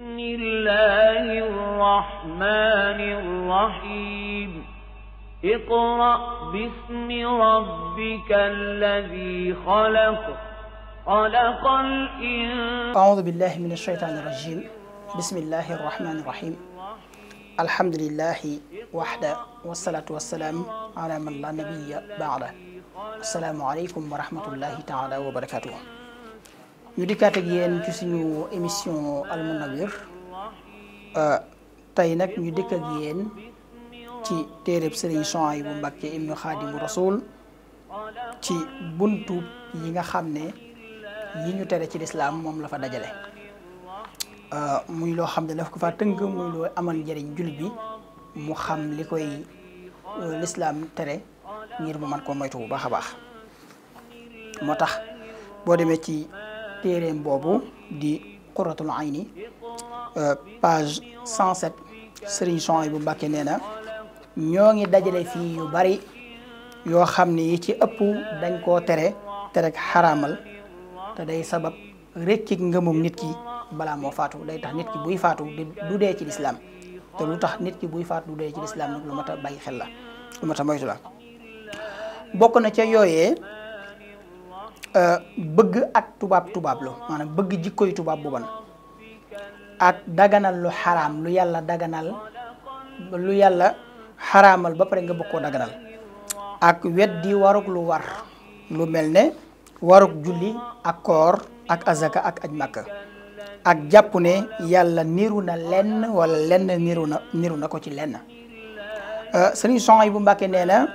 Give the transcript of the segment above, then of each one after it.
بسم الله الرحمن الرحيم اقرأ باسم ربك الذي خلق خلق الإنسان أعوذ بالله من الشيطان الرجيم بسم الله الرحمن الرحيم الحمد لله وحده والصلاة والسلام على من لا نبي بعده السلام عليكم ورحمة الله تعالى وبركاته ñu dikkaat ak ci suñu émission Al Mounawir euh, tey nag ñu dikk ak yéen ci téereb Serigne Souhaïbou Mbacké ibnu Xaadimu Rasul ci buntu yi nga xam ne yi ñu tere ci lislaam moom la fa dajale euh, muy loo xam ne daf ko fa tënk muy loo amal njëriñ jullit bi mu xam li koy euh, lislaam tere ngir mu mën ko moytu bu baax a baax moo tax boo demee ci téeréem boobu di quratul ayni euh, page 107 sëriñ Souhaïbou Mbacké nee na ñoo ngi dajale fii yu bari yoo xam ne yi ci ëpp dañ koo tere te rek xaraamal te day sabab rëccik ngëmum nit ki balaa moo faatu day tax nit ki buy faatu du dee ci lislaam te lu tax nit ki buy faatu du dee ci lislaam nag lu mat a xel la lu mat a moytu la bokk na ca yooyee Euh, bëgg ak tubaab tubaab lu maanaam bëgg jikkoy tubaab bu bon ak daganal lu xaraam lu yàlla daganal lu yàlla xaraamal ba pare nga bëgg koo daganal ak weddi warug lu war lu mel ne warug julli ak koor ak azaka ak aj màkka ak jàpp ne yàlla niru na lenn wala lenn niru na niru na ko ci lenn euh, sëriñ Sohaybu Mbàkke nee na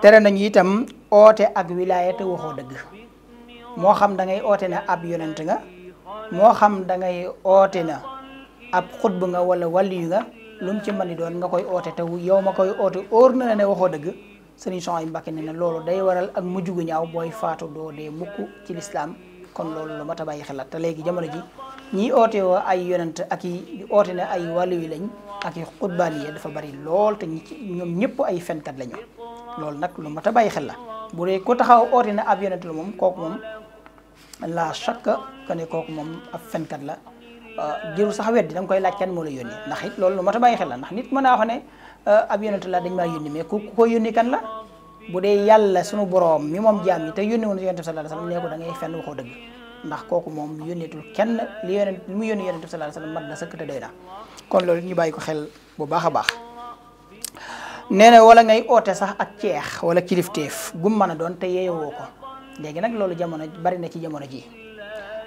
tere nañu itam oote ak wilaaya te waxoo dëgg moo xam dangay ngay oote na ab yonent nga moo xam da ngay oote na ab xutb nga wala waliyu nga lu mu ci man di doon nga koy oote te yow ma koy oote óor na ne waxoo dëgg sëriñ son ay Mbàkke na loolu day waral ak mujj gu ñaaw booy faatu doo dee mukk ci lislaam kon loolu lu mat a bàyyi xel léegi jamono ji ñiy oote woo ay yonent ak i oote na ay waliyu lañ ak i xutbaani yi dafa bari lool te ñi ci ñoom ñëpp ay fenkat lañu loolu nag lu ma a bàyyi xel la bu dee ku taxaw oote na ab yonent la moom kooku moom la chaque que ne kooku moom ab fenkat la euh, jërul sax weddi da nga koy laaj kenn moo la yónni ndax it loolu lu mat a bàyyi xel la ndax nit mën naa wax ne euh, ab yonent la dañ maa yónni mais ku ko yónni kan la bu dee yàlla sunu borom mi moom jaam yi te yónni woon yonent bi sallallahu alayhi wasallam nee ko fenn waxoo dëgg ndax kooku moom yónneetul kenn li yónent li mu yónni yonent bi sallallahu alayhi wasallam na sëkk te doy na kon loolu ñu bàyyi ko xel bu baax a baax nee wala ngay oote sax ak ceex wala kilifteef gum mën a doon te yeewoo ko legi nak loolu jamono bari na ci jamono ji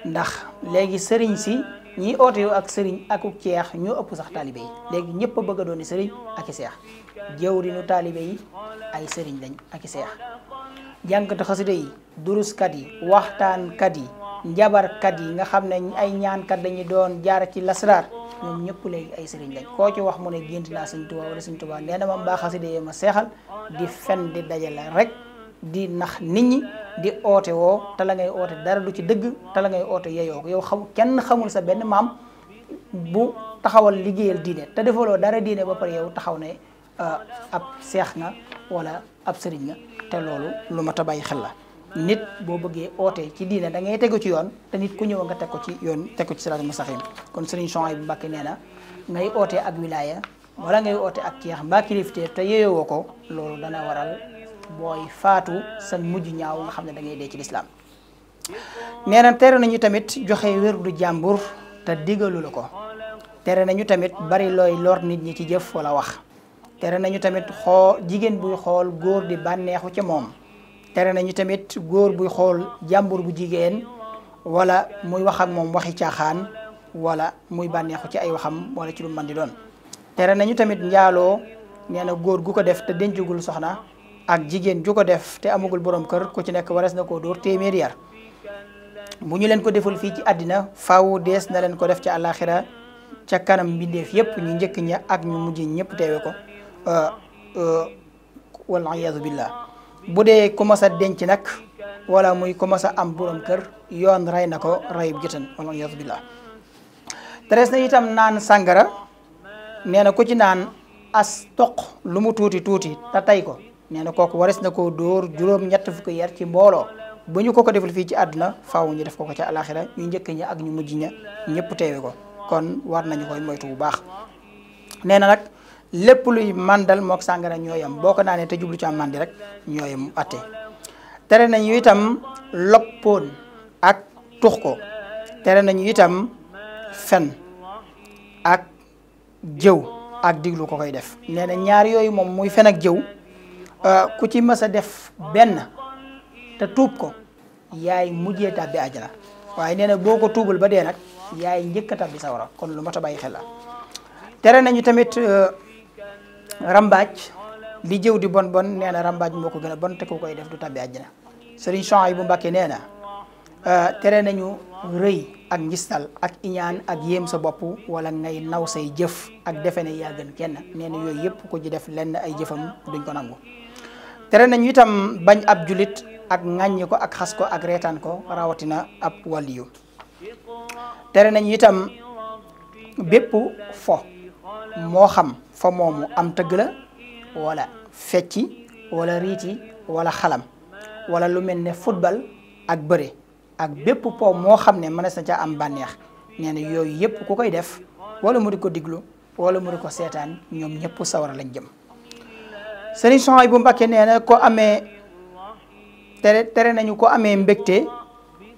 ndax legi serigne si ñi auto ak serigne ak ak cheikh ñu upp sax talibé yi léegi ñëpp bëgg a dooni sëriñ ak cheikh seex ñu talibé yi ay serigne lañ ak cheikh seex jànkatu xasida yi duruskat yi waxtaankat yi njabarkat yi nga xamne ay ñaan kat lañuy doon jaar ci lasrar ñom ñepp legi ay serigne lañ ko ci wax mu ne gént na serigne Tuubaa wala serigne ma ba khassida yi ma di fenn di rek di nax nit ñi di oote woo te la ngay oote dara du ci dëgg te la ngay oote yeyoo ko yow xam kenn xamul sa benn maam bu taxawal liggéeyal diine te defaloo dara diine ba pare yow taxaw ne ah, ab seex nga wala ab sëriñ nga te loolu lu mat a bàyyi xel la nit boo bëggee oote ci diine da ngay tegu ci yoon te nit ku ñëw nga teg ko ci yoon teg ko ci sax mustaqiim kon sëriñ Suhaybu bu Mbàkke nee na ngay oote ak wilaaya wala ngay oote ak ceex mbaa kilifteef te yeyoo ko loolu dana waral mooy faatu sa mujj ñaaw nga xam ne da ngay dee ci lislaam nee na tere nañu tamit joxe wér wérdu jàmbur te digalu la ko tere nañu tamit bari looy lor nit ñi ci jëf wala wax tere nañu tamit xoo jigéen buy xool góor di bànneexu ci moom tere nañu tamit góor buy xool jàmbur bu jigéen wala muy wax ak moom waxi caaxaan wala muy bànneexu ci ay waxam wala ci lu mën di doon tere nañu tamit njaaloo nee góor gu ko def te dencugul soxna ak jigen ju def te amugul borom keur ku ci nek waras na dor temer yar bu ñu leen ko deful fi ci adina faawu des na len ko def ci alakhirah ca kanam bindef yep ñu ñeek ñi ak ñu mujj ñep teewe ko euh, euh, wal iyaazu billah budé denc nak wala muy ku am borom keur yoon ray nako ko reyub wal iyaazu billah terees na itam nan sangara nee ku ci nan as toq lu mu tuti ko nee na kooku wares na koo dóor juróom-ñett fukki yar ci mbooloo bu ñu ko ko defal fii ci àdduna faaw ñu def ko ko ca ñu njëkk ña ak ñu mujj ña ñëpp teewe ko kon war nañu koy moytu bu baax nee nak nag luy mandal mok sàngara ñooyam boo ko naanee te jublu ci am mandi rek ñooyam atte tere nañu itam ak tux ko tere nañu itam fen ak jëw ak diglu ko koy def nee na ñaar yooyu moom muy fen ak jëw Euh, ku ci mës a def benn te tuub ko yaay mujjee tàbbi àjjana waaye nee na boo ko tuubul ba dee nag yaay njëkk a tàbbi sawara kon lu moto bay xela tere nañu tamit euh, rambaaj li jëw di bon bon nee na rambaaj moo ko gën a bon te koy def du tàbbi àjjana sëriñ Chouaïb bu Mbàkke nee na euh, tere nañu rëy ak ngistal ak iñaan ak yéem sa bopp wala ngay naw say jëf ak defe na yaa gën kenn nee na yooyu yëpp ku ci def lenn ay jëfam duñ ko nangu tere nañu itam bañ ab julit ak ŋàññi ko ak xas ko ak reetaan ko rawatina ab waliyu tere nañu itam bépp fo mo xam fo momu am teug la wala fecci wala Riti wala xalam wala lu melne football ak bere ak bépp po mo xam ne mënees na ca am banex nee yoy yooyu yépp ku koy def wala mu diko diglu wala mu diko ko ñom ñepp sawara lañ jëm sëriñ Souhaïbou Mbacké nee na ko amee tere tere nañu ko amee mbégte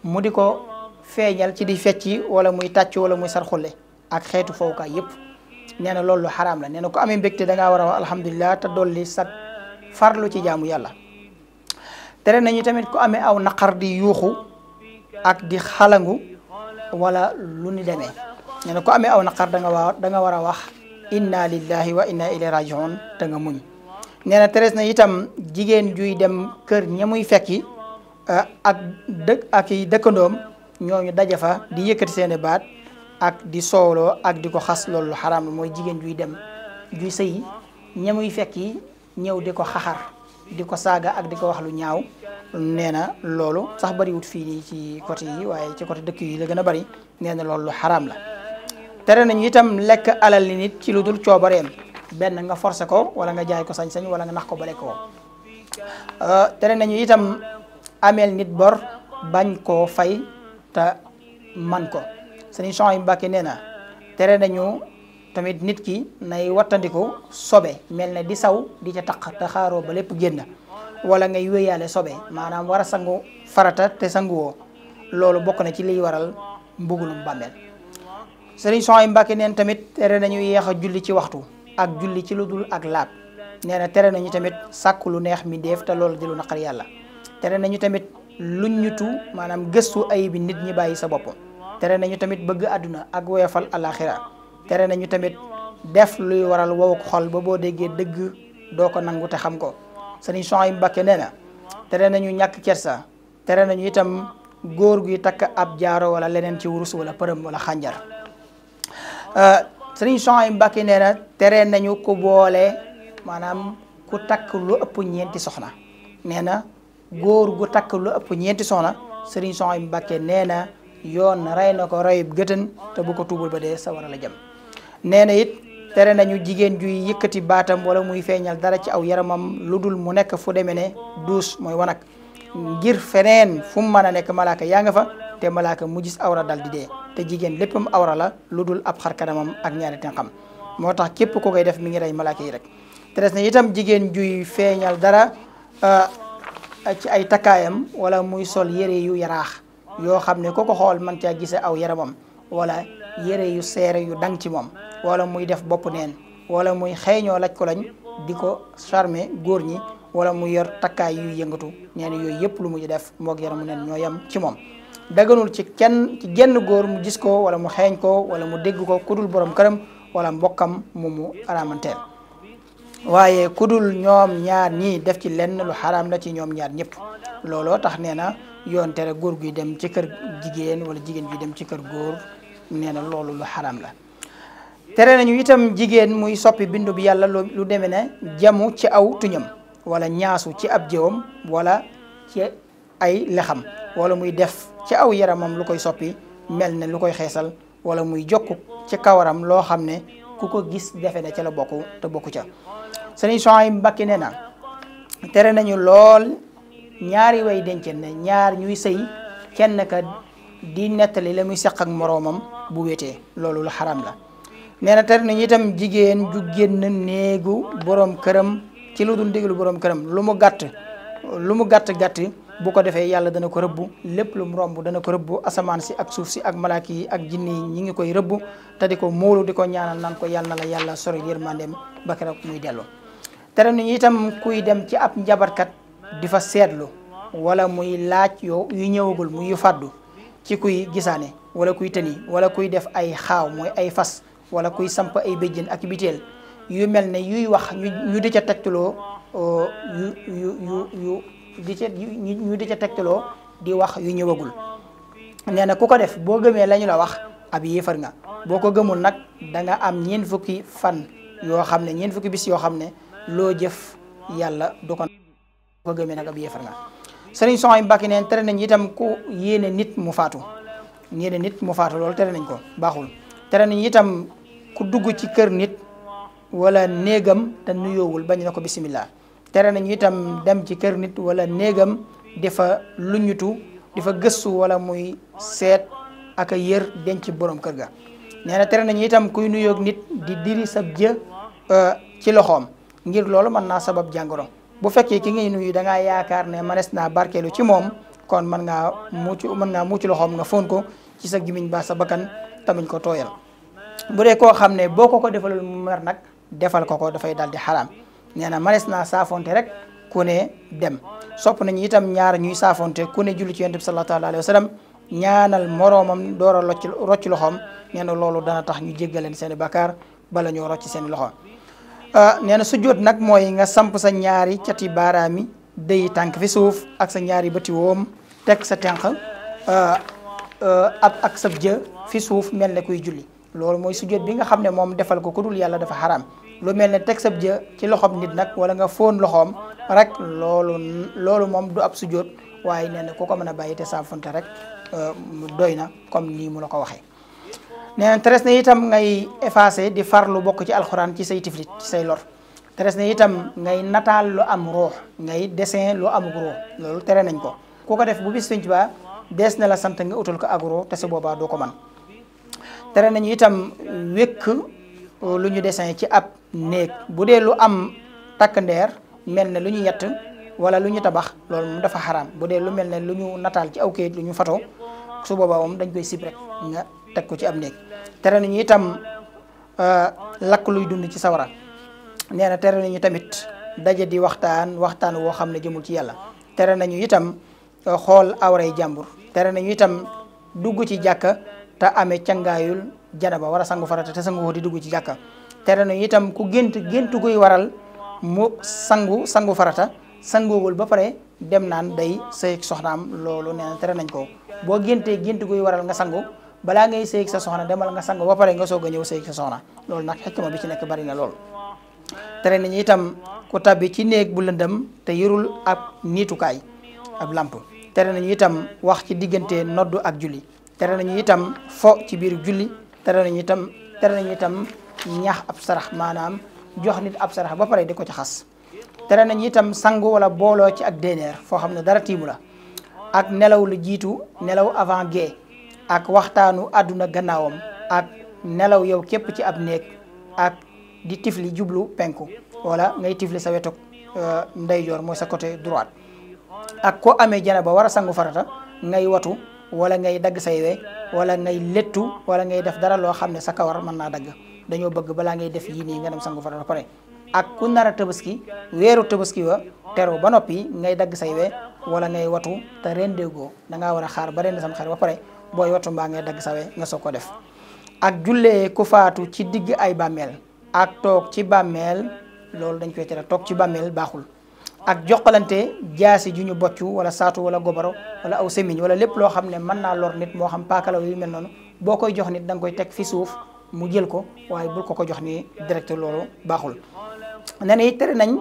mu di ko feeñal ci di fecci wala muy tàcc wala muy sarxule ak xeetu fowukaay yëpp nee na loolu xaram xaraam la nee na ko amee mbégte da ngaa war a wax alhamdulilah te dolli sa farlu ci jaamu yàlla tere nañu tamit ko amee aw naqar di yuuxu ak di xalangu wala lu ni demee nee na ko amee aw naqar da nga wa da nga war a wax inna lillahi wa inna ilayhi rajiun te nga muñ nee na terees na itam jigéen juy dem kër ña muy fekki ah, ak dëkk ak i dëkkandoom ñooñu daje fa di yëkkati seeni baat ak di soowloo ak di ko xas loolu lu xaraam la mooy jigéen juy dem juy sëyi ña muy fekki ñëw di ko xaxar di ko saaga ak di ko wax lu ñaaw nee na loolu sax bariwut fii nii ci côté yi waaye ci côté dëkk yi la gën a bari nee na loolu lu xaraam la tere nañu itam lekk alal ni nit ci lu dul coobareem ben nga forcer ko wala nga jaay ko sañ-sañ wala nga nax ko bale koo euh, tere nañu itam amel nit bor bañ ko fay ta man ko sëriñ Souhaïbou Mbacké néna nañu tamit nit ki nay watandiko sobe melne di saw di ca tak ta xaro ba lepp genn wala ngay sobe manam wara sangu farata sangu wo lolu bokk na ci li waral mbugulum bamel sëriñ Souhaïbou Mbacké neen tamit tere nañu yéxa julli ci waxtu ak julli ci luddul ak laab neena tere nañu tamit sakku lu neex mi def ta lolou jëlu naqar yalla tere nañu tamit luñ ñutu manam gëstu ayibi nit ñi bayyi sa bopp tere nañu tamit bëgg aduna ak woyofal alaxira tere nañu tamit def luy waral wowuk xol ba bo déggee dëgg do ko nangu te xam ko sëriñ Souhaïbou neena nañu ñak kersa tere nañu itam góor guy tak ab jaaro wala leneen ci wurus wala përëm wala xànjar euh, sëriñ Souhaïbou Mbacké nee na tere nañu ku boole maanaam ku takk lu ëpp ñeenti soxna nee na góor gu takk lu ëpp ñeenti soxna sëriñ Souhaïbou Mbacké nee na yoon rey na ko reyub gëtën te bu ko tuubal ba dee sa a la jëm nee na it tere nañu jigéen juy yëkkati baatam wala muy feeñal dara ci aw yaramam lu dul mu nekk fu demee ne duus mooy wanag ngir feneen fu mu mën a nekk malaaka yaa nga fa te malaka mu gis awra dal di dee te jigen leppam awra la lu ab xar kanamam ak ñaari tànkam moo tax képp ko koy def mi ngi ray malaka yi rek tres na itam jigen juy feñal dara ah, ci ay takayam wala muy sol yére yu yarax yo xam ko ko xol man ca gise aw yaramam wala yére yu seere yu dang ci mom wala muy def bop neen wala muy xeeñoo laj ko lañ diko charmé gor ñi wala mu yor takay yu yëngatu ñene yoy yooyu lu mu def moog yaramu neen ñoyam ci mom daganul ci kenn genn góor mu gis ko wala mu xeeñ ko wala mu dégg ko kudul boroom këram wala mbokkam mu mu aramanteel waaye kudul ñoom ñaar ñi def ci lenn lu xaraam la ci ñoom ñaar ñépp looloo tax nee na yoon tere góor guy dem ci kër jigéen wala jigéen guy dem ci kër góor nee na loolu lu xaraam la tere nañu itam jigéen muy soppi bindu bi yàlla lu demee na jamu ci aw tuñam wala ñaasu ci ab jëwam wala ci ay lexam wala muy def ci aw yaramam lu koy soppi mel na lu koy xeesal wala muy jokku ci kawaram loo xam ne ku ko gis defe na ca la bokk te bokku ca sëriñ Souhaïbou Mbacké nee na tere nañu lool ñaari way dencen ne ñaar ñuy sëy kenn ka di la muy seq ak moroomam bu wéetee loolu la nee na tere nañu itam jigéen ju génn néegu borom këram ci lu dul ndigalu borom këram lu mu gàtt lu mu gàtt gàtt bu ko defee yàlla dana ko rëbbu lépp lu mu romb dana ko rëbbu asamaan si ak suuf si ak malaaki yi ak jinni yi ñi ngi koy te di ko móolu di ko ñaanal naan ko yàlla la yàlla sori yërmandeem ba keroog muy dellu tere nañu itam kuy dem ci ab njabarkat di fa seetlu wala muy laaj yo yu ñëwagul muy yu faddu ci kuy gisaane wala kuy tëni wala kuy def ay xaaw mooy ay fas wala kuy samp ay béjjën ak biteel yu mel ne yuy wax ñu di ca tegtaloo oh, yu yu yu di ci ñu di ca tegtaloo di wax yu ñëwagul neena na ku ko def bo gëmee la la wax ab yéefar nga boko gëmul da nga am ñeen fukki fan yo xamne ñeen fukki bis yo xamne lo jëf yalla du ko ko gëmee nak ab yéefar nga serigne soxay mbàkki neen tere nañ itam ku yéene nit mu faatu ñeene nit mu faatu lol tere nañ ko baxul tere nañ itam ku dugg ci kër nit wala negam te nuyoowul bañ na ko bisimilah tere ñu itam dem ci kër nit wala néegam di fa ñutu di fa gëstu wala muy seet ak a yër denc borom kër ga nee na tere nañu itam kuy nuyoog nit di diri sab jë euh, ci loxoom ngir loolu mën naa sabab jàngoro bu fekkee ki ngay nuyu da ngaa yaakaar ne manes naa barkeelu ci moom kon mën ngaa mucc mën ngaa mucc loxoom nga fóon ko ci sa gimiñ ba sa bakkan tamiñ ko tooyal bu dee koo xam ne boo ko ko defalul mu mer nag defal ko ko dafay daal di xaraam nee na manees naa saafonte rek ku ne dem sopp nañu itam ñaar ñuy saafonte ku ne julli ci yonent bi ñaanal moroomam door a locc rocc loxoom nee loolu dana tax ñu jéggaleen seen i bakkaar bala ñoo rocc seen loxo ah, nee na sujjóot nag mooy nga samp sa ñaari cati baaraam yi day tànk fi suuf ak sa ñaari bëti woom sa tenq ab ah, ah, ak sa jë fi suuf mel ne kuy julli loolu mooy sujjóot bi nga xam ne moom defal ko ku dul yàlla dafa xaraam lu mel ne teg sab ci loxoom nit nag wala nga fóon loxoom rek loolu loolu moom du ab sujjóot waaye nee na ku ko mën a bàyyi te saafonte rek euh, doy na comme nii mu la ko waxee nee na teres na itam ngay effacé di far lu bokk ci alxuraan ci say tiflit ci say lor teres na itam ngay nataal lu am ruux ngay desin lu am ruux loolu tere nañ ko ku ko def bu bis finc ba des na la sant nga utal ko ak ruux te su boobaa doo ko man tere nañu itam wékk lu ñu dessin ci ab neek bu lu am tak kender, mel lu ñu yett wala lu ñu tabax lool mu dafa haram bu lu mel lu ñu nataal ci aw kayit lu ñu fato su boba mom dañ koy sib rek nga tek ko ci ab néeg tere tam itam euh, lak luy dund ci sawara néna na tere nañu tamit dajé di waxtaan waxtaan wo xamné jëmul ci yàlla tere nañu itam xol awray jambur tere nañu itam dugg ci ta te amee cangaayul janaba wara sangu farata te sangu ko di dugg ci jàkka tere na itam ku gént gént guy waral mu sangu sangu farata sangoowul ba pare dem naan day sëy soxnaam loolu nee tere nañ ko boo géntee gént guy waral nga sangu balaa ngay sëy ak soxna demal nga sangu ba pare nga soog a ñëw sëy ak sa soxna loolu nag xikma bi ci nekk bari na lool. tere nañ itam ku tabbi ci néeg bu lëndëm te yorul ab niitukaay ab lamp tere nañu itam wax ci diggante noddu ak julli tere nañu itam fo ci biir julli. tere nañu itam tere nañu itam ñaax ab sarax maanaam jox nit ab sarax ba pare di ko ci xas tere nañu itam sangu wala booloo ci ak déneer foo xam ne dara tiimu la ak nelaw lu jiitu nelaw avant gée ak waxtaanu àdduna gannaawam ak nelaw yow képp ci ab néeg ak di tifli jublu penku wala ngay tifli sa wetu euh, ndeyjoor mooy sa côté droit ak ko amee jana ba war a sangu farata ngay watu wala ngay dagg say we wala ngay lettu wala ngay def dara loo xam ne sa kawar mën naa dagg dañoo bëgg balaa ngay def yii nii nga dem sangu farat ba pare ak ku nara a weeru tabaski wa teru ba noppi ngay dagg say we wala ngay watu te rendéegoo da ngaa war a xaar ba rend sam xar ba pare booy watu mbaa ngay dagg sawe nga soog ko def ak jullee ku faatu ci digg ay bàmmeel ak toog ci bàmmeel loolu dañ koy tere toog ci bàmmeel baaxul ak joxalante jaasi ju ñu boccu wala saatu wala goboro wala aw semiñ wala lépp loo xam ne mën naa lor nit moo xam paakalaw yu mel noonu boo koy jox nit danga koy teg fi suuf mu jël ko waaye bul ko ko jox ni direct loolu baaxul nee na tere nañ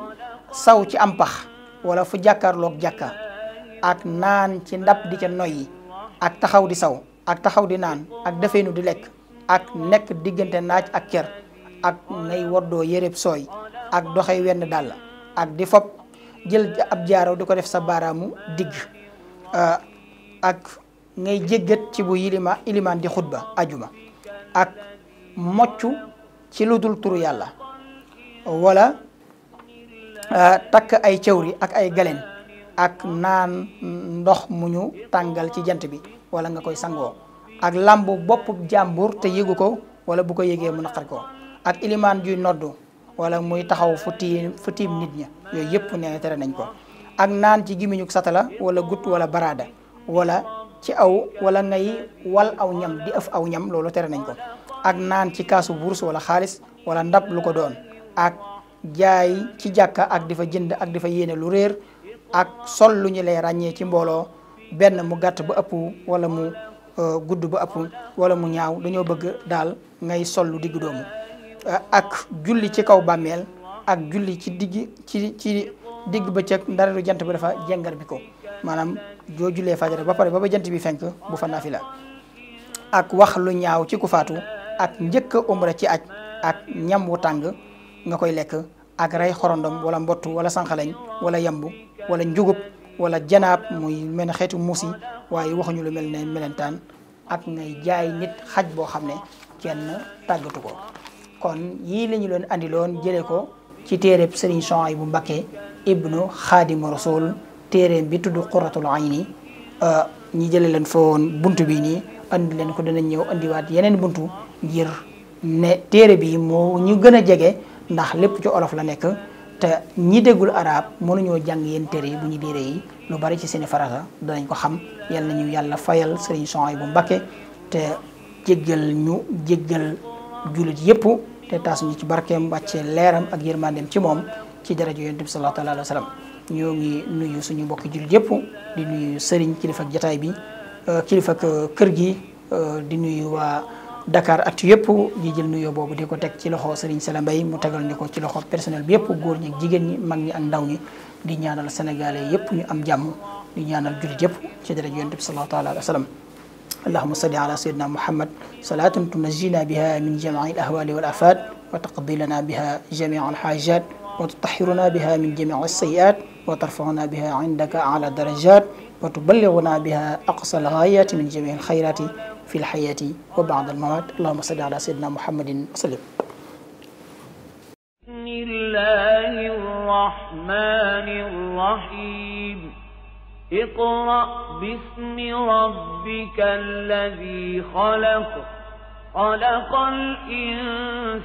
saw ci am pax wala fu jàkkaarloog jàkka ak naan ci ndab di ca noyyi ak taxaw di saw ak taxaw di naan ak defeenu di lekk ak nekk diggante naaj ak kër ak nay woddoo yëreb sooy ak doxey wenn dàll ak di fob jël ab jaaraw diko def sa dig euh ak ngay jéggat ci bu yilima iliman di khutba ajuma ak moccu ci lu turu yalla wala euh, tak ay ciowri ak ay galen ak naan ndox muñu tangal ci jant bi wala nga koy sango ak lambu bop jambour te yeguko ko wala bu ko yegge mu naqar ko ak iliman ju noddu wala muy taxaw futi tiim yooyu yep ne tere nañ ko ak naan ci gémmiñu satala wala gut wala barada wala ci aw wala ngay wal aw ñam di af aw ñam lolu tere nañ ko ak naan ci kasu wurus wala khalis wala ndab lu ko doon ak jaay ci jàkka ak difa jënd ak difa yene lu reer ak sol lu ñu lay ragne ci mbolo ben mu gatt bu ëpp wala mu euh, gudd bu ëpp wala mu ñaaw dañoo bëgg dal ngay sol lu digg doomu ak julli ci kaw ak julli ci digg ci ci digg bëccëg ndareelu jant bi dafa jàngar bi ko maanaam joo jullee fajar ba pare ba ba jant bi fenk bu fa naafila ak wax lu ñaaw ci ku faatu ak njëkk a umra ci aj ak ñam wu tàng nga koy lekk ak rey xorondom wala mbottu wala sànqaleñ wala yamb wala njugub wala janaab muy mel ne xeetu muus waaye waxuñu lu mel ne melentaan ak ngay jaay nit xaj boo xam ne kenn tàggatu ko kon yii la ñu andi loon jëlee ko ci téere téereb sëriñ Souhaïbou Mbacké ibnu xaadimu rasul téereem bi tudd quratul ayni euh, ñi jële leen fa woon buntu bi nii andi leen ko danañ ñëw andiwaat yeneen buntu ngir ne téere bi moo ñu gën a jege ndax lépp ci olof la nekk te ñi déggul arab mënuñoo jàng yéen téere yi bu ñu diire yi lu bari ci seeni farata danañ ko xam yal nañu yàlla fayal yi bu Mbacké te jéggal ñu jéggal jullit yépp te taas ñu ci barkeem wàcce leeram ak yërmandeem ci moom ci daraja yonent bi sallallahu alayhi wa sallam ñoo ngi nuyu suñu mbokki jullit yëpp di nuyu sëriñ kilifa ak jataay bi euh, kilifa euh, kër gi euh, di nuyu waa Dakar at yëpp di jël nuyoo boobu di ko teg ci loxo sëriñ Sala Mbay mu tegal ñu ko ci loxo personel bi yëpp góor ñi ak jigéen ñi mag ñi ak ndaw ñi di ñaanal sénégalais yëpp ñu am jàmm di ñaanal jullit yëpp ci daraja yonent bi sallallahu alayhi wa اللهم صل على سيدنا محمد صلاة تنجينا بها من جميع الأهوال والآفات وتقضي لنا بها جميع الحاجات وتطهرنا بها من جميع السيئات وترفعنا بها عندك أعلى الدرجات وتبلغنا بها أقصى الغايات من جميع الخيرات في الحياة وبعد الممات اللهم صل على سيدنا محمد وسلم بسم الله الرحمن الرحيم اقرأ باسم ربك الذي خلق خلق الإنسان